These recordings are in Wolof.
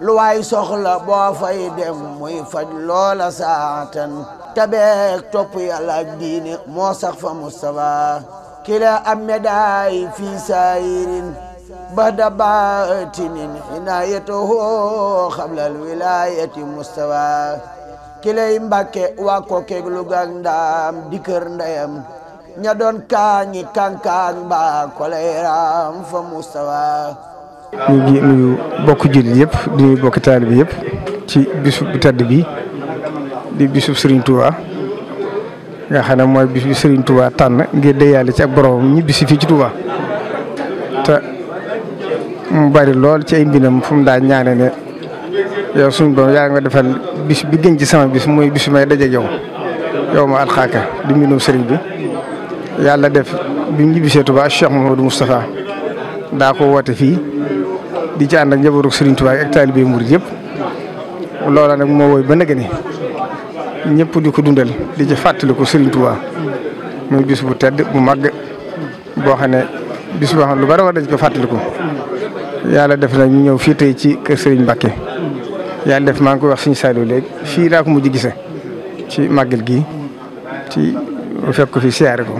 lu waay soxla boo fay dem muy faj loola saatan tabeek topp yàlla ak diine moo sax fa Mustafa kila am medaay fi saayirin bahda baatinin inaayatuhu xablal wilaayati Mustafa kilay Mbàkke waa Kokkeeg Luga ak Ndaam di kër kaañi kankaak mbaa koleeraam fa Mustafa ñu ngi nuyu bokk jullit yëpp di nuyu bokk taalibe yëpp ci bisu bi tedd bi di bisu Serigne Touba nga xam ne mooy bis bi Serigne Touba tànn ngir deyaale ci ak borom ñibbisi si ci Touba te mu bari lool ci ay mbinam fu daa ñaane ne suñ suñu borom yaa nga defal bis bi gën ci sama bis mooy bisu may dajeeg yow yow ma alxaaka di mbindum Serigne bi yàlla def bi ñibbisee Touba Cheikh Mouhamadou Moustapha daa ko woote fii. di ci ànd ak njabootu Serigne Touba ak taalibe murid yëpp loola moo woy ba nag ni ñëpp di ko dundal di ci fàttaliku Serigne Touba muy bis bu tedd bu màgg boo xam ne bis boo xam lu bari war dañ ko fàttaliku. yàlla def na ñëw fii tey ci kër Serigne Mbacke yàlla def maa ngi koy wax suñu saay léegi fii daa ko mujj gise ci màggal gi ci fekk ko fi siyaare ko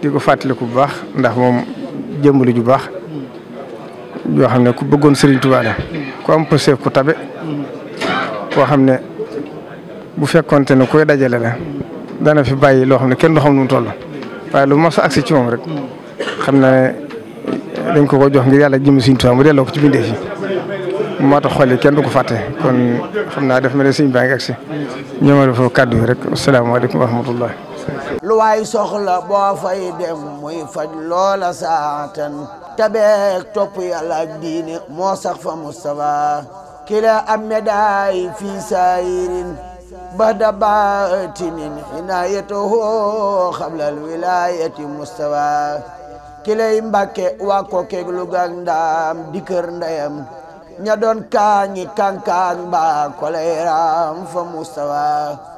di ko fàttaliku bu baax ndax moom jëmbali ju baax. yoo xam ne ku bëggoon Serigne Touba la ku am pëseef ku tabe koo xam ne bu fekkonte ne koy dajale la dana fi bàyyi loo xam ne kenn du xam nu mu toll waaye lu mos a agsi ci rek xam na dañ ko ko jox ngir yàlla jëm Serigne Touba mu delloo ko ci bindee fi moo kenn du ko fàtte kon xam naa def mel ne Serigne baa ngi agsi ñooma dafa kàddu yi rek asalaamaaleykum wa rahmatullah lu waay soxla boo fay dem muy faj loola saatan tabeek topp yàlla ak diine moo sax fa Mustafa kila am medaay fi saayirin bada baatinin inaayatoo xablal wilaayati Mustafa kilay Mbàkke waa Kokkeeg Luga ak Ndaam di kër ña doon kaañi kankaan ba koleeraam fa Mustafa